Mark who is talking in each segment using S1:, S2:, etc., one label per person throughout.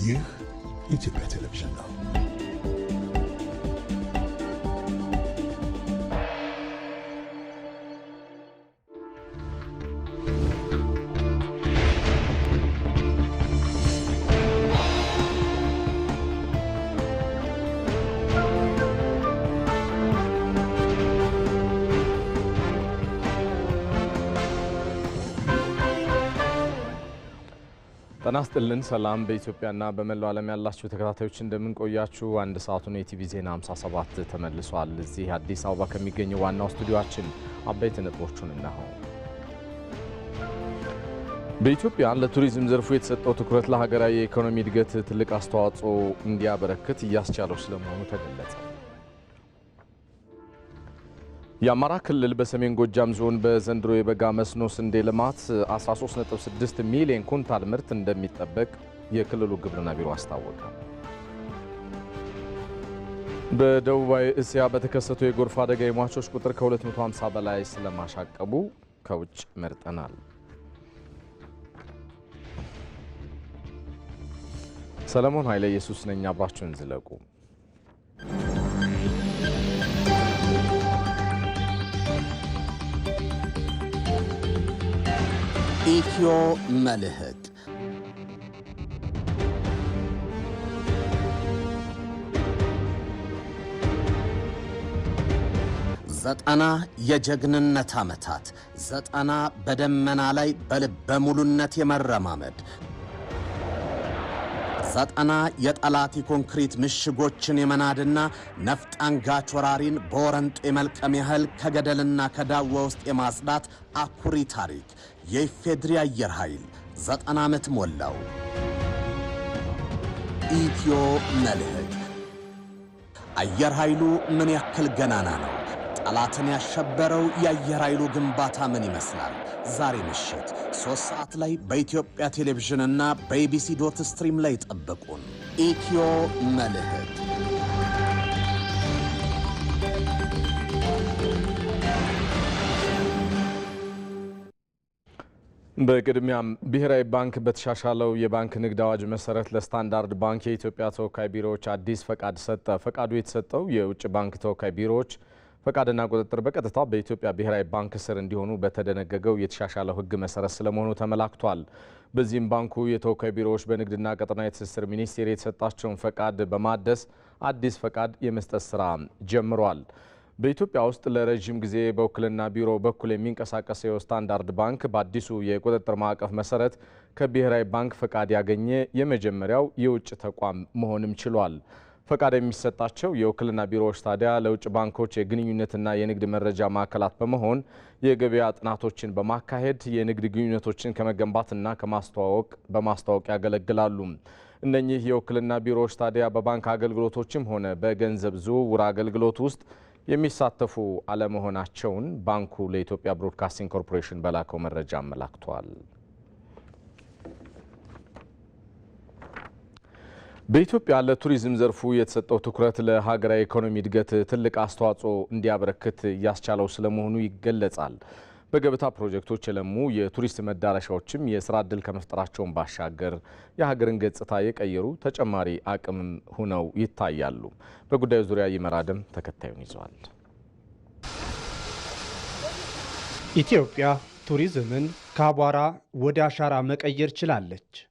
S1: You, you to Bet Television now. ጤና ይስጥልን ሰላም በኢትዮጵያና በመላው ዓለም ያላችሁ ተከታታዮች እንደምንቆያችሁ አንድ ሰዓቱን የቲቪ ዜና 57 ተመልሷል። እዚህ አዲስ አበባ ከሚገኘው ዋናው ስቱዲዮአችን አበይት ነጥቦቹን እነሆ። በኢትዮጵያ ለቱሪዝም ዘርፉ የተሰጠው ትኩረት ለሀገራዊ የኢኮኖሚ እድገት ትልቅ አስተዋጽኦ እንዲያበረክት እያስቻለው ስለመሆኑ ተገለጸ። የአማራ ክልል በሰሜን ጎጃም ዞን በዘንድሮ የበጋ መስኖ ስንዴ ልማት 13.6 ሚሊዮን ኩንታል ምርት እንደሚጠበቅ የክልሉ ግብርና ቢሮ አስታወቀ። በደቡባዊ እስያ በተከሰተው የጎርፍ አደጋ የሟቾች ቁጥር ከ250 በላይ ስለማሻቀቡ ከውጭ መርጠናል። ሰለሞን ኃይለ ኢየሱስ ነኝ። አብራችሁን ዝለቁ።
S2: ኢትዮ መልህቅ ዘጠና የጀግንነት ዓመታት ዘጠና በደመና ላይ በልበ ሙሉነት የመረማመድ ዘጠና የጠላት የኮንክሪት ምሽጎችን የመናድና ነፍጥ አንጋች ወራሪን በወረንጦ የመልቀም ያህል ከገደልና ከዳዋ ውስጥ የማጽዳት አኩሪ ታሪክ የኢፌድሪ አየር ኃይል ዘጠና ዓመት ሞላው። ኢትዮ መልሕቅ አየር ኃይሉ ምን ያክል ገናና ነው? ጠላትን ያሸበረው የአየር ኃይሉ ግንባታ ምን ይመስላል? ዛሬ ምሽት ሦስት ሰዓት ላይ በኢትዮጵያ ቴሌቪዥንና በኢቢሲ ዶት ስትሪም ላይ ጠብቁን። ኢትዮ መልህቅ
S1: በቅድሚያም ብሔራዊ ባንክ በተሻሻለው የባንክ ንግድ አዋጅ መሰረት ለስታንዳርድ ባንክ የኢትዮጵያ ተወካይ ቢሮዎች አዲስ ፈቃድ ሰጠ። ፈቃዱ የተሰጠው የውጭ ባንክ ተወካይ ቢሮዎች ፈቃድና ቁጥጥር በቀጥታ በኢትዮጵያ ብሔራዊ ባንክ ስር እንዲሆኑ በተደነገገው የተሻሻለው ሕግ መሰረት ስለመሆኑ ተመላክቷል። በዚህም ባንኩ የተወካይ ቢሮዎች በንግድና ቀጠናዊ ትስስር ሚኒስቴር የተሰጣቸውን ፈቃድ በማደስ አዲስ ፈቃድ የመስጠት ስራ ጀምሯል። በኢትዮጵያ ውስጥ ለረዥም ጊዜ በውክልና ቢሮ በኩል የሚንቀሳቀሰው ስታንዳርድ ባንክ በአዲሱ የቁጥጥር ማዕቀፍ መሰረት ከብሔራዊ ባንክ ፈቃድ ያገኘ የመጀመሪያው የውጭ ተቋም መሆንም ችሏል። ፈቃድ የሚሰጣቸው የውክልና ቢሮዎች ታዲያ ለውጭ ባንኮች የግንኙነትና የንግድ መረጃ ማዕከላት በመሆን የገበያ ጥናቶችን በማካሄድ የንግድ ግንኙነቶችን ከመገንባትና ከማስተዋወቅ በማስተዋወቅ ያገለግላሉ። እነኚህ የውክልና ቢሮዎች ታዲያ በባንክ አገልግሎቶችም ሆነ በገንዘብ ዝውውር አገልግሎት ውስጥ የሚሳተፉ አለመሆናቸውን ባንኩ ለኢትዮጵያ ብሮድካስቲንግ ኮርፖሬሽን በላከው መረጃ አመላክቷል። በኢትዮጵያ ለቱሪዝም ዘርፉ የተሰጠው ትኩረት ለሀገራዊ ኢኮኖሚ እድገት ትልቅ አስተዋጽኦ እንዲያበረክት እያስቻለው ስለመሆኑ ይገለጻል። በገበታ ፕሮጀክቶች የለሙ የቱሪስት መዳረሻዎችም የስራ እድል ከመፍጠራቸውን ባሻገር የሀገርን ገጽታ የቀየሩ ተጨማሪ አቅም ሆነው ይታያሉ። በጉዳዩ ዙሪያ ይመራደም ተከታዩን ይዘዋል። ኢትዮጵያ ቱሪዝምን ከአቧራ ወደ አሻራ መቀየር ችላለች።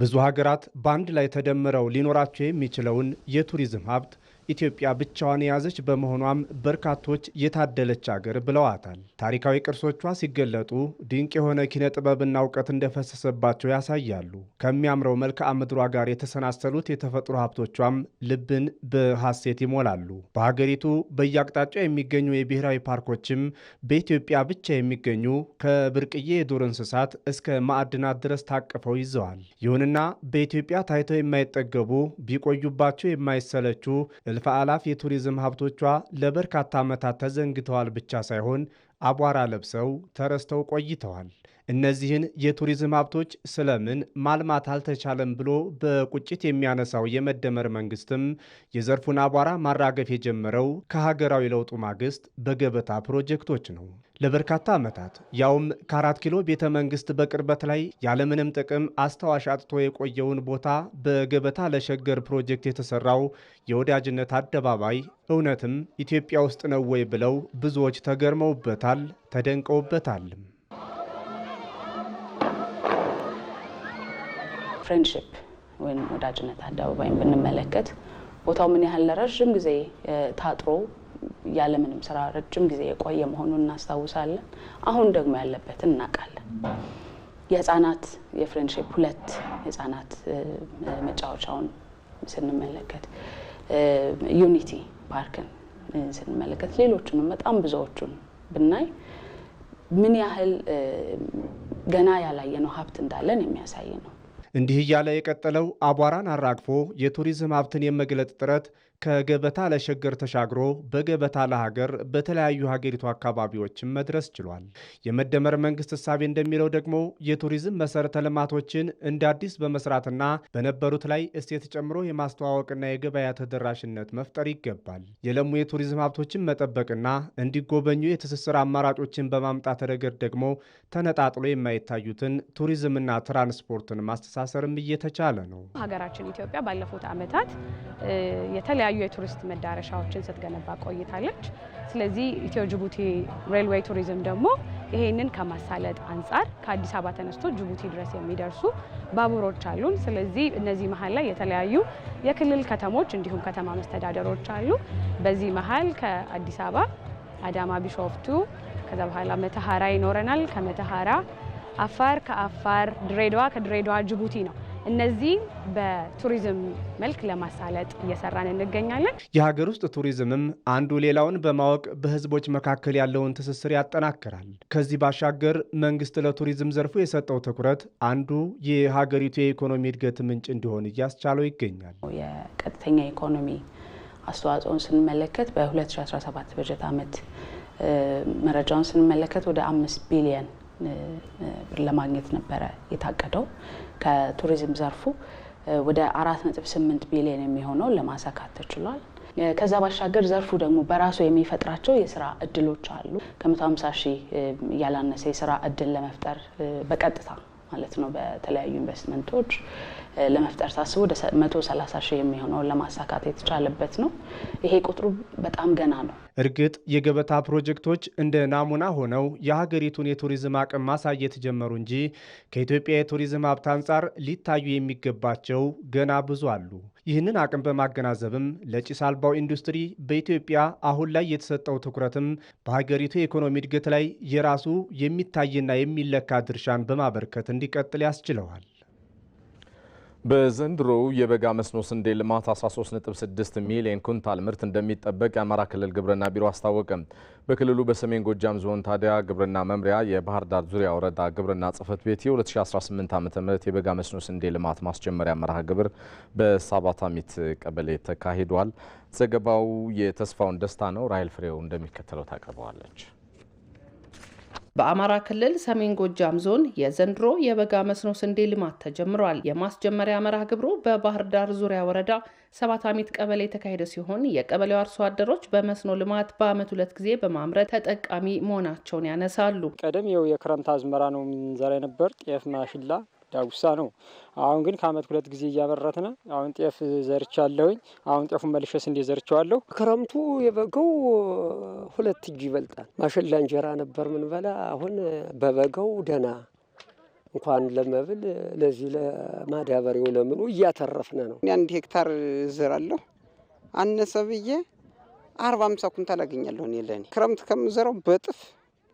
S1: ብዙ ሀገራት በአንድ ላይ ተደምረው ሊኖራቸው የሚችለውን የቱሪዝም ሀብት ኢትዮጵያ ብቻዋን የያዘች በመሆኗም በርካቶች የታደለች አገር ብለዋታል። ታሪካዊ ቅርሶቿ ሲገለጡ ድንቅ የሆነ ኪነ ጥበብና እውቀት እንደፈሰሰባቸው ያሳያሉ። ከሚያምረው መልክዓ ምድሯ ጋር የተሰናሰሉት የተፈጥሮ ሀብቶቿም ልብን በሐሴት ይሞላሉ። በሀገሪቱ በየአቅጣጫው የሚገኙ የብሔራዊ ፓርኮችም በኢትዮጵያ ብቻ የሚገኙ ከብርቅዬ የዱር እንስሳት እስከ ማዕድናት ድረስ ታቅፈው ይዘዋል። ይሁንና በኢትዮጵያ ታይተው የማይጠገቡ ቢቆዩባቸው የማይሰለቹ እልፍ አላፍ የቱሪዝም ሀብቶቿ ለበርካታ ዓመታት ተዘንግተዋል ብቻ ሳይሆን አቧራ ለብሰው ተረስተው ቆይተዋል። እነዚህን የቱሪዝም ሀብቶች ስለምን ማልማት አልተቻለም ብሎ በቁጭት የሚያነሳው የመደመር መንግስትም የዘርፉን አቧራ ማራገፍ የጀመረው ከሀገራዊ ለውጡ ማግስት በገበታ ፕሮጀክቶች ነው። ለበርካታ ዓመታት ያውም ከአራት ኪሎ ቤተ መንግሥት በቅርበት ላይ ያለምንም ጥቅም አስታዋሽ አጥቶ የቆየውን ቦታ በገበታ ለሸገር ፕሮጀክት የተሰራው የወዳጅነት አደባባይ እውነትም ኢትዮጵያ ውስጥ ነው ወይ ብለው ብዙዎች ተገርመውበታል፣ ተደንቀውበታል።
S3: ፍሬንድሽፕ ወይም ወዳጅነት አደባባይን ብንመለከት ቦታው ምን ያህል ለረዥም ጊዜ ታጥሮ ያለምንም ስራ ረጅም ጊዜ የቆየ መሆኑን እናስታውሳለን። አሁን ደግሞ ያለበትን እናውቃለን። የህጻናት የፍሬንድሽፕ ሁለት የህጻናት መጫወቻውን ስንመለከት፣ ዩኒቲ ፓርክን ስንመለከት፣ ሌሎቹንም በጣም ብዙዎቹን ብናይ ምን ያህል ገና ያላየነው ሀብት እንዳለን የሚያሳይ ነው።
S1: እንዲህ እያለ የቀጠለው አቧራን አራግፎ የቱሪዝም ሀብትን የመግለጥ ጥረት ከገበታ ለሸገር ተሻግሮ በገበታ ለሀገር በተለያዩ ሀገሪቱ አካባቢዎችም መድረስ ችሏል። የመደመር መንግስት እሳቤ እንደሚለው ደግሞ የቱሪዝም መሰረተ ልማቶችን እንደ አዲስ በመስራትና በነበሩት ላይ እሴት ጨምሮ የማስተዋወቅና የገበያ ተደራሽነት መፍጠር ይገባል። የለሙ የቱሪዝም ሀብቶችን መጠበቅና እንዲጎበኙ የትስስር አማራጮችን በማምጣት ረገድ ደግሞ ተነጣጥሎ የማይታዩትን ቱሪዝምና ትራንስፖርትን ማስተሳሰርም እየተቻለ ነው።
S4: ሀገራችን ኢትዮጵያ ባለፉት ዓመታት የተለያዩ የተለያዩ የቱሪስት መዳረሻዎችን ስትገነባ ቆይታለች። ስለዚህ ኢትዮ ጅቡቲ ሬልዌይ ቱሪዝም ደግሞ ይሄንን ከማሳለጥ አንጻር ከአዲስ አበባ ተነስቶ ጅቡቲ ድረስ የሚደርሱ ባቡሮች አሉን። ስለዚህ እነዚህ መሀል ላይ የተለያዩ የክልል ከተሞች እንዲሁም ከተማ መስተዳደሮች አሉ። በዚህ መሀል ከአዲስ አበባ አዳማ፣ ቢሾፍቱ ከዛ በኋላ መተሃራ ይኖረናል። ከመተሃራ አፋር፣ ከአፋር ድሬዳዋ፣ ከድሬዳዋ ጅቡቲ ነው እነዚህ በቱሪዝም መልክ ለማሳለጥ እየሰራን እንገኛለን።
S1: የሀገር ውስጥ ቱሪዝምም አንዱ ሌላውን በማወቅ በህዝቦች መካከል ያለውን ትስስር ያጠናክራል። ከዚህ ባሻገር መንግስት ለቱሪዝም ዘርፉ የሰጠው ትኩረት አንዱ የሀገሪቱ የኢኮኖሚ እድገት ምንጭ እንዲሆን እያስቻለው ይገኛል።
S3: የቀጥተኛ ኢኮኖሚ አስተዋጽኦን ስንመለከት በ2017 በጀት ዓመት መረጃውን ስንመለከት ወደ አምስት ቢሊየን ብር ለማግኘት ነበረ የታቀደው ከቱሪዝም ዘርፉ ወደ 4.8 ቢሊዮን የሚሆነው ለማሳካት ተችሏል። ከዛ ባሻገር ዘርፉ ደግሞ በራሱ የሚፈጥራቸው የስራ እድሎች አሉ። ከ150 ሺህ ያላነሰ የስራ እድል ለመፍጠር በቀጥታ ማለት ነው በተለያዩ ኢንቨስትመንቶች ለመፍጠር ታስቦ ወደ 130 ሺህ የሚሆነውን ለማሳካት የተቻለበት ነው። ይሄ ቁጥሩ በጣም ገና ነው። እርግጥ
S1: የገበታ ፕሮጀክቶች እንደ ናሙና ሆነው የሀገሪቱን የቱሪዝም አቅም ማሳየት ጀመሩ እንጂ ከኢትዮጵያ የቱሪዝም ሀብት አንጻር ሊታዩ የሚገባቸው ገና ብዙ አሉ። ይህንን አቅም በማገናዘብም ለጭስ አልባው ኢንዱስትሪ በኢትዮጵያ አሁን ላይ የተሰጠው ትኩረትም በሀገሪቱ የኢኮኖሚ እድገት ላይ የራሱ የሚታይና የሚለካ ድርሻን በማበርከት እንዲቀጥል ያስችለዋል። በዘንድሮው የበጋ መስኖ ስንዴ ልማት 13.6 ሚሊዮን ኩንታል ምርት እንደሚጠበቅ የአማራ ክልል ግብርና ቢሮ አስታወቀ። በክልሉ በሰሜን ጎጃም ዞን ታዲያ ግብርና መምሪያ የባህር ዳር ዙሪያ ወረዳ ግብርና ጽሕፈት ቤት የ2018 ዓ ም የበጋ መስኖ ስንዴ ልማት ማስጀመሪያ መርሃ ግብር በሳባታሚት ቀበሌ ተካሂዷል። ዘገባው የተስፋውን ደስታ ነው። ራይል ፍሬው እንደሚከተለው ታቀርበዋለች።
S4: በአማራ ክልል ሰሜን ጎጃም ዞን የዘንድሮ የበጋ መስኖ ስንዴ ልማት ተጀምሯል። የማስጀመሪያ መርሃ ግብሩ በባህር ዳር ዙሪያ ወረዳ አሚት ቀበሌ የተካሄደ ሲሆን የቀበሌው አርሶ አደሮች በመስኖ ልማት በዓመት ሁለት ጊዜ በማምረት ተጠቃሚ መሆናቸውን ያነሳሉ።
S1: ቀደም የው የክረምት አዝመራ ነው የምንዘራ የነበር ጤፍ፣ ማሽላ ዳጉሳ ነው። አሁን ግን ከአመት ሁለት ጊዜ እያመረትን አሁን ጤፍ ዘርቻለሁኝ። አሁን ጤፉን መልሼ ስንዴ ዘርቸዋለሁ። ክረምቱ
S5: የበጋው ሁለት እጅ ይበልጣል። ማሽላ እንጀራ ነበር ምን በላ። አሁን በበጋው ደና እንኳን ለመብል ለዚህ ለማዳበሪያው ለምኑ እያተረፍነ ነው። አንድ ሄክታር
S6: ዝራለሁ አነሰ ብዬ አርባ አምሳ ኩንታል አገኛለሁ። እኔ ለእኔ ክረምት ከምዘራው በጥፍ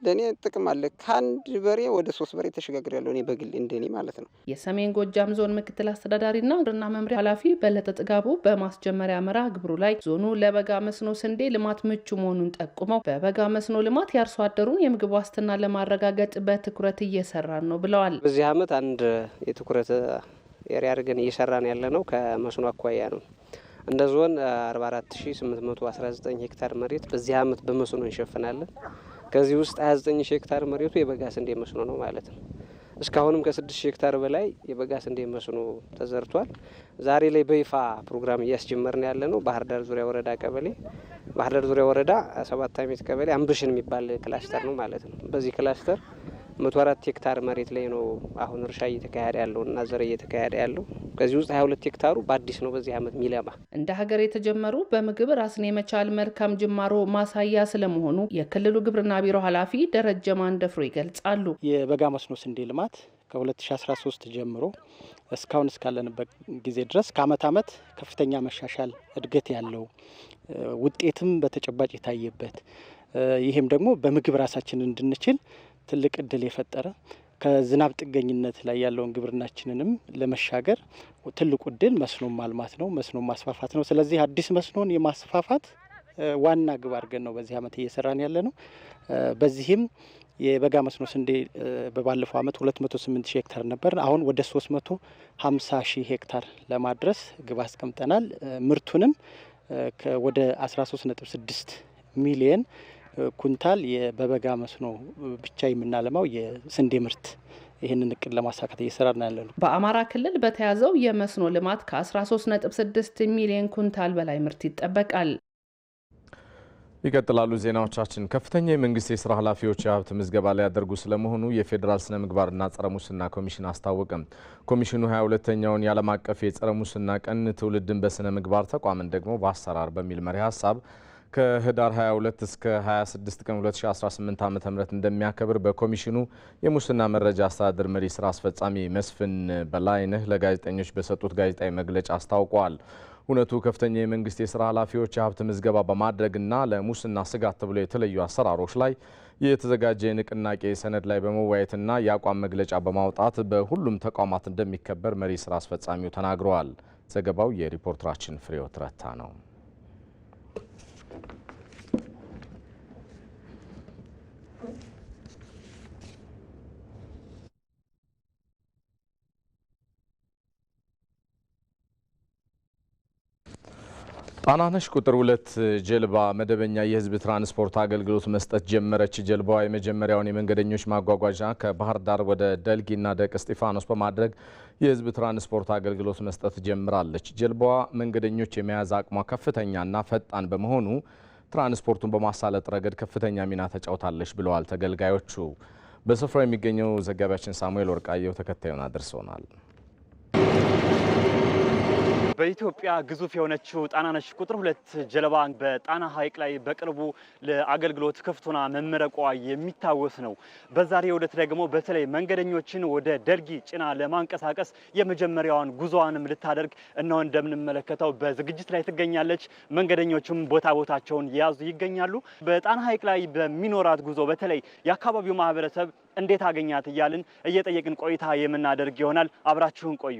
S6: ለእኔ ጥቅም አለ። ከአንድ በሬ ወደ ሶስት በሬ ተሸጋግር ያለው እኔ በግል እንደኔ ማለት ነው።
S4: የሰሜን ጎጃም ዞን ምክትል አስተዳዳሪና ግብርና መምሪያ ኃላፊ በለጠ ጥጋቡ በማስጀመሪያ መርሃ ግብሩ ላይ ዞኑ ለበጋ መስኖ ስንዴ ልማት ምቹ መሆኑን ጠቁመው በበጋ መስኖ ልማት የአርሶ አደሩን የምግብ ዋስትና ለማረጋገጥ በትኩረት እየሰራን ነው ብለዋል።
S7: በዚህ አመት አንድ የትኩረት ኤሪያ አድርገን እየሰራን ያለ ነው ከመስኖ አኳያ ነው። እንደ ዞን 44819 ሄክታር መሬት በዚህ ዓመት በመስኖ እንሸፍናለን። ከዚህ ውስጥ 29 ሺህ ሄክታር መሬቱ የበጋ ስንዴ መስኖ ነው ማለት ነው። እስካሁንም ከ6 ሺህ ሄክታር በላይ የበጋ ስንዴ መስኖ ተዘርቷል። ዛሬ ላይ በይፋ ፕሮግራም እያስጀመርን ያለ ነው። ባህር ዳር ዙሪያ ወረዳ ቀበሌ ባህር ዳር ዙሪያ ወረዳ ሰባት አሜት ቀበሌ አምብሽን የሚባል ክላስተር ነው ማለት ነው። በዚህ ክላስተር መቶ አራት ሄክታር መሬት ላይ ነው አሁን እርሻ እየተካሄደ ያለው እና ዘር እየተካሄደ ያለው። ከዚህ ውስጥ ሀያ ሁለት ሄክታሩ በአዲስ ነው በዚህ አመት የሚለማ። እንደ ሀገር
S4: የተጀመሩ በምግብ ራስን የመቻል መልካም ጅማሮ ማሳያ ስለመሆኑ የክልሉ ግብርና ቢሮ ኃላፊ ደረጀ ማንደፍሮ ይገልጻሉ።
S8: የበጋ መስኖ ስንዴ ልማት ከ2013 ጀምሮ እስካሁን እስካለንበት ጊዜ ድረስ ከአመት አመት ከፍተኛ መሻሻል እድገት ያለው ውጤትም በተጨባጭ የታየበት ይህም ደግሞ በምግብ ራሳችን እንድንችል ትልቅ እድል የፈጠረ ከዝናብ ጥገኝነት ላይ ያለውን ግብርናችንንም ለመሻገር ትልቁ እድል መስኖ ማልማት ነው፣ መስኖ ማስፋፋት ነው። ስለዚህ አዲስ መስኖን የማስፋፋት ዋና ግብ አድርገን ነው በዚህ ዓመት እየሰራን ያለ ነው። በዚህም የበጋ መስኖ ስንዴ በባለፈው ዓመት 208 ሺህ ሄክታር ነበር። አሁን ወደ 350 ሺህ ሄክታር ለማድረስ ግብ አስቀምጠናል። ምርቱንም ወደ 13.6 ሚሊየን ኩንታል በበጋ መስኖ ብቻ የምናለማው የስንዴ ምርት ይህንን እቅድ ለማሳካት እየሰራ ያለሉ። በአማራ
S4: ክልል በተያዘው የመስኖ ልማት ከ13.6 ሚሊዮን ኩንታል በላይ ምርት ይጠበቃል።
S1: ይቀጥላሉ ዜናዎቻችን። ከፍተኛ የመንግስት የስራ ኃላፊዎች የሀብት ምዝገባ ሊያደርጉ ስለመሆኑ የፌዴራል ስነ ምግባርና ጸረ ሙስና ኮሚሽን አስታወቀም። ኮሚሽኑ 22ተኛውን የዓለም አቀፍ የጸረ ሙስና ቀን ትውልድን በስነ ምግባር ተቋምን ደግሞ በአሰራር በሚል መሪ ሀሳብ ከህዳር 22 እስከ 26 ቀን 2018 ዓ.ም እንደሚያከብር በኮሚሽኑ የሙስና መረጃ አስተዳደር መሪ ስራ አስፈጻሚ መስፍን በላይነህ ለጋዜጠኞች በሰጡት ጋዜጣዊ መግለጫ አስታውቋል። እውነቱ ከፍተኛ የመንግስት የስራ ኃላፊዎች የሀብት ምዝገባ በማድረግና ለሙስና ስጋት ተብሎ የተለዩ አሰራሮች ላይ የተዘጋጀ የንቅናቄ ሰነድ ላይ በመወያየትና የአቋም መግለጫ በማውጣት በሁሉም ተቋማት እንደሚከበር መሪ ስራ አስፈጻሚው ተናግረዋል። ዘገባው የሪፖርተራችን ፍሬው ትረታ ነው። Thank you. ጣናነሽ ቁጥር ሁለት ጀልባ መደበኛ የህዝብ ትራንስፖርት አገልግሎት መስጠት ጀመረች። ጀልባዋ የመጀመሪያውን የመንገደኞች ማጓጓዣ ከባህር ዳር ወደ ደልጊና ደቅ እስጢፋኖስ በማድረግ የህዝብ ትራንስፖርት አገልግሎት መስጠት ጀምራለች። ጀልባዋ መንገደኞች የመያዝ አቅሟ ከፍተኛና ፈጣን በመሆኑ ትራንስፖርቱን በማሳለጥ ረገድ ከፍተኛ ሚና ተጫውታለች ብለዋል ተገልጋዮቹ። በስፍራው የሚገኘው ዘጋቢያችን ሳሙኤል ወርቃየው ተከታዩን አድርሶናል።
S9: በኢትዮጵያ ግዙፍ የሆነችው ጣናነሽ ቁጥር ሁለት ጀልባ በጣና ሐይቅ ላይ በቅርቡ ለአገልግሎት ክፍት መመረቋ የሚታወስ ነው። በዛሬው ዕለት ደግሞ በተለይ መንገደኞችን ወደ ደልጊ ጭና ለማንቀሳቀስ የመጀመሪያዋን ጉዞዋንም ልታደርግ እነሆ እንደምንመለከተው በዝግጅት ላይ ትገኛለች። መንገደኞችም ቦታ ቦታቸውን የያዙ ይገኛሉ። በጣና ሐይቅ ላይ በሚኖራት ጉዞ በተለይ የአካባቢው ማህበረሰብ እንዴት አገኛት እያልን እየጠየቅን ቆይታ የምናደርግ ይሆናል። አብራችሁን ቆዩ።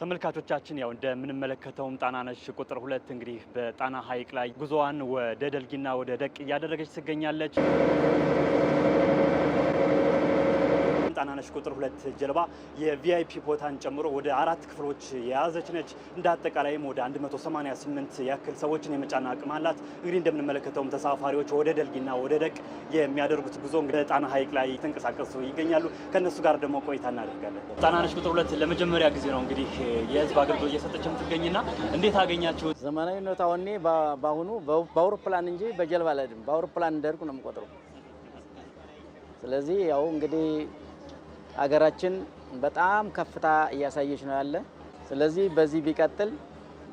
S9: ተመልካቾቻችን ያው እንደምንመለከተውም ጣናነሽ ቁጥር ሁለት እንግዲህ በጣና ሐይቅ ላይ ጉዞዋን ወደ ደልጊና ወደ ደቅ እያደረገች ትገኛለች። ትናንሽ ቁጥር ሁለት ጀልባ የቪአይፒ ቦታን ጨምሮ ወደ አራት ክፍሎች የያዘች ነች። እንደ አጠቃላይም ወደ 188 ያክል ሰዎችን የመጫን አቅም አላት። እንግዲህ እንደምንመለከተውም ተሳፋሪዎች ወደ ደልጊና ወደ ደቅ የሚያደርጉት ጉዞ ጣና ሐይቅ ላይ ተንቀሳቀሱ ይገኛሉ። ከእነሱ ጋር ደግሞ ቆይታ እናደርጋለን። ጣናነሽ ቁጥር ሁለት ለመጀመሪያ ጊዜ ነው እንግዲህ የህዝብ አገልግሎት እየሰጠች የምትገኝና እንዴት አገኛችሁት? ዘመናዊነት አሁን በአሁኑ በአውሮፕላን እንጂ በጀልባ ላይ በአውሮፕላን እንደርጉ ነው የምቆጥረው።
S10: ስለዚህ ያው እንግዲህ አገራችን በጣም ከፍታ እያሳየች ነው ያለ። ስለዚህ በዚህ ቢቀጥል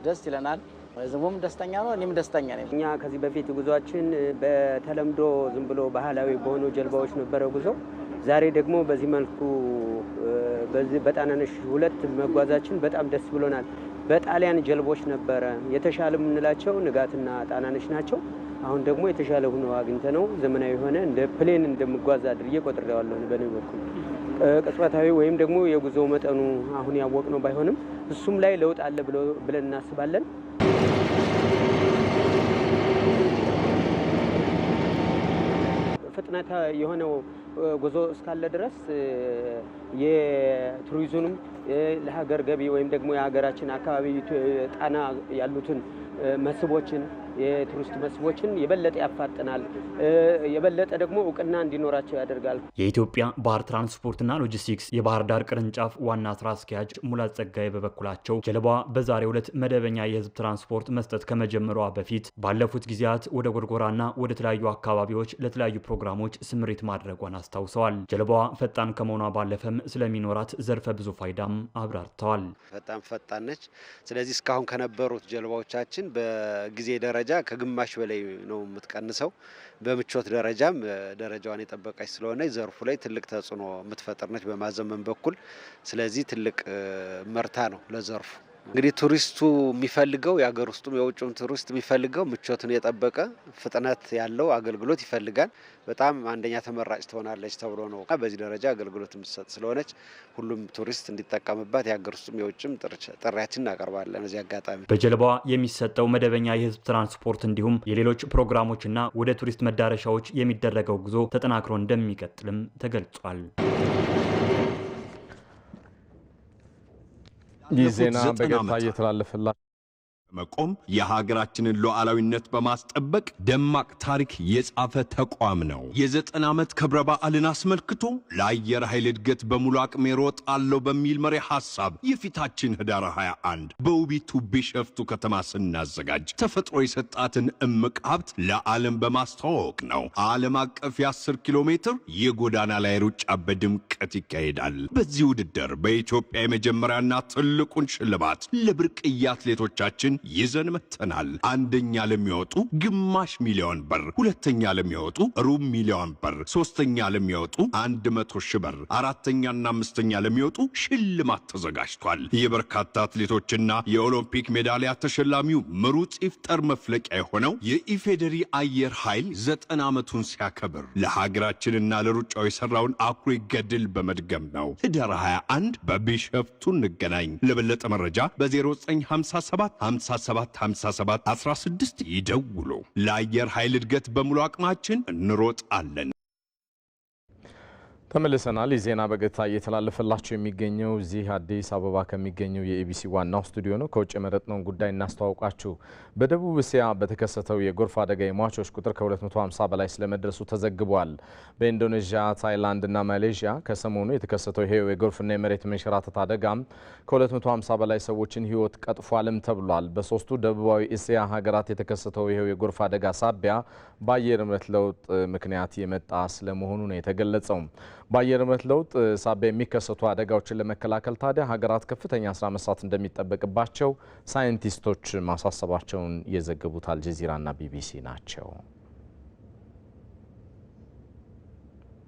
S10: ደስ ይለናል። ህዝቡም ደስተኛ ነው፣ እኔም ደስተኛ ነኝ። እኛ ከዚህ በፊት ጉዟችን በተለምዶ ዝም ብሎ ባህላዊ
S11: በሆኑ ጀልባዎች ነበረ ጉዞ። ዛሬ ደግሞ በዚህ መልኩ በጣናነሽ ሁለት መጓዛችን በጣም ደስ ብሎናል። በጣሊያን ጀልቦች ነበረ የተሻለ የምንላቸው ንጋትና ጣናነሽ ናቸው። አሁን ደግሞ የተሻለ ሆኖ አግኝተ ነው ዘመናዊ የሆነ እንደ ፕሌን እንደምጓዝ አድርጌ ቆጥሬዋለሁ በኔ በኩል ቅጽበታዊ ወይም ደግሞ የጉዞ መጠኑ አሁን ያወቅ ነው ባይሆንም እሱም ላይ ለውጥ አለ ብለን እናስባለን። ፍጥነት የሆነው ጉዞ እስካለ ድረስ የቱሪዝሙም ለሀገር ገቢ ወይም ደግሞ የሀገራችን አካባቢ ጣና ያሉትን መስህቦችን የቱሪስት መስህቦችን የበለጠ ያፋጥናል፣ የበለጠ ደግሞ እውቅና እንዲኖራቸው ያደርጋል። የኢትዮጵያ
S1: ባህር ትራንስፖርትና ሎጂስቲክስ የባህር ዳር ቅርንጫፍ ዋና ስራ አስኪያጅ ሙላት ጸጋይ በበኩላቸው ጀልባዋ በዛሬው ዕለት መደበኛ የህዝብ ትራንስፖርት መስጠት ከመጀመሯ በፊት ባለፉት ጊዜያት ወደ ጎርጎራና ወደ ተለያዩ አካባቢዎች ለተለያዩ ፕሮግራሞች ስምሪት ማድረጓን አስታውሰዋል። ጀልባዋ ፈጣን ከመሆኗ ባለፈም ስለሚኖራት ዘርፈ ብዙ ፋይዳም አብራርተዋል።
S12: በጣም ፈጣን ነች። ስለዚህ እስካሁን ከነበሩት ጀልባዎቻችን በጊዜ ደረጃ ደረጃ ከግማሽ በላይ ነው የምትቀንሰው። በምቾት ደረጃም ደረጃዋን የጠበቀች ስለሆነ ዘርፉ ላይ ትልቅ ተጽዕኖ የምትፈጥር ነች በማዘመን በኩል። ስለዚህ ትልቅ መርታ ነው ለዘርፉ። እንግዲህ ቱሪስቱ የሚፈልገው የሀገር ውስጡም የውጭም ቱሪስት የሚፈልገው ምቾትን የጠበቀ ፍጥነት ያለው አገልግሎት ይፈልጋል። በጣም አንደኛ ተመራጭ ትሆናለች ተብሎ ነው በዚህ ደረጃ አገልግሎት የምትሰጥ ስለሆነች ሁሉም ቱሪስት እንዲጠቀምባት የሀገር ውስጡም የውጭም ጥሪያችን እናቀርባለን። እዚህ አጋጣሚ
S1: በጀልባዋ የሚሰጠው መደበኛ የህዝብ ትራንስፖርት እንዲሁም የሌሎች ፕሮግራሞችና ወደ ቱሪስት መዳረሻዎች የሚደረገው ጉዞ ተጠናክሮ እንደሚቀጥልም ተገልጿል። ይህ ዜና በቀጥታ
S13: መቆም የሀገራችንን ሉዓላዊነት በማስጠበቅ ደማቅ ታሪክ የጻፈ ተቋም ነው። የዘጠና ዓመት ክብረ በዓልን አስመልክቶ ለአየር ኃይል እድገት በሙሉ አቅሜ ሮጣለሁ በሚል መሪ ሐሳብ የፊታችን ህዳር 21 በውቢቱ ቢሸፍቱ ከተማ ስናዘጋጅ ተፈጥሮ የሰጣትን እምቅ ሀብት ለዓለም በማስተዋወቅ ነው። ዓለም አቀፍ የ10 ኪሎ ሜትር የጎዳና ላይ ሩጫ በድምቀት ይካሄዳል። በዚህ ውድድር በኢትዮጵያ የመጀመሪያና ትልቁን ሽልማት ለብርቅዬ አትሌቶቻችን ይዘን መጥተናል። አንደኛ ለሚወጡ ግማሽ ሚሊዮን ብር፣ ሁለተኛ ለሚወጡ ሩብ ሚሊዮን ብር፣ ሶስተኛ ለሚወጡ አንድ መቶ ሺህ ብር፣ አራተኛና አምስተኛ ለሚወጡ ሽልማት ተዘጋጅቷል። የበርካታ አትሌቶችና የኦሎምፒክ ሜዳሊያ ተሸላሚው ምሩጽ ይፍጠር መፍለቂያ የሆነው የኢፌዴሪ አየር ኃይል ዘጠና ዓመቱን ሲያከብር ለሀገራችንና ለሩጫው የሰራውን አኩሪ ገድል በመድገም ነው። ህዳር 21 በቢሸፍቱ እንገናኝ። ለበለጠ መረጃ በ0957 6757 16 ይደውሉ። ለአየር ኃይል እድገት በሙሉ አቅማችን እንሮጣለን።
S1: ተመልሰናል። ይህ ዜና በቀጥታ እየተላለፈላቸው የሚገኘው እዚህ አዲስ አበባ ከሚገኘው የኢቢሲ ዋናው ስቱዲዮ ነው። ከውጭ የመረጥነውን ጉዳይ እናስተዋውቃችሁ። በደቡብ እስያ በተከሰተው የጎርፍ አደጋ የሟቾች ቁጥር ከ250 በላይ ስለመድረሱ ተዘግቧል። በኢንዶኔዥያ፣ ታይላንድ እና ማሌዥያ ከሰሞኑ የተከሰተው ይሄው የጎርፍና የመሬት መንሸራተት አደጋም ከ250 በላይ ሰዎችን ሕይወት ቀጥፏልም ተብሏል። በሶስቱ ደቡባዊ እስያ ሀገራት የተከሰተው ይሄው የጎርፍ አደጋ ሳቢያ በአየር ንብረት ለውጥ ምክንያት የመጣ ስለመሆኑ ነው የተገለጸው። በአየር ንብረት ለውጥ ሳቢያ የሚከሰቱ አደጋዎችን ለመከላከል ታዲያ ሀገራት ከፍተኛ ስራ መስራት እንደሚጠበቅባቸው ሳይንቲስቶች ማሳሰባቸውን የዘገቡት አልጀዚራና ቢቢሲ ናቸው።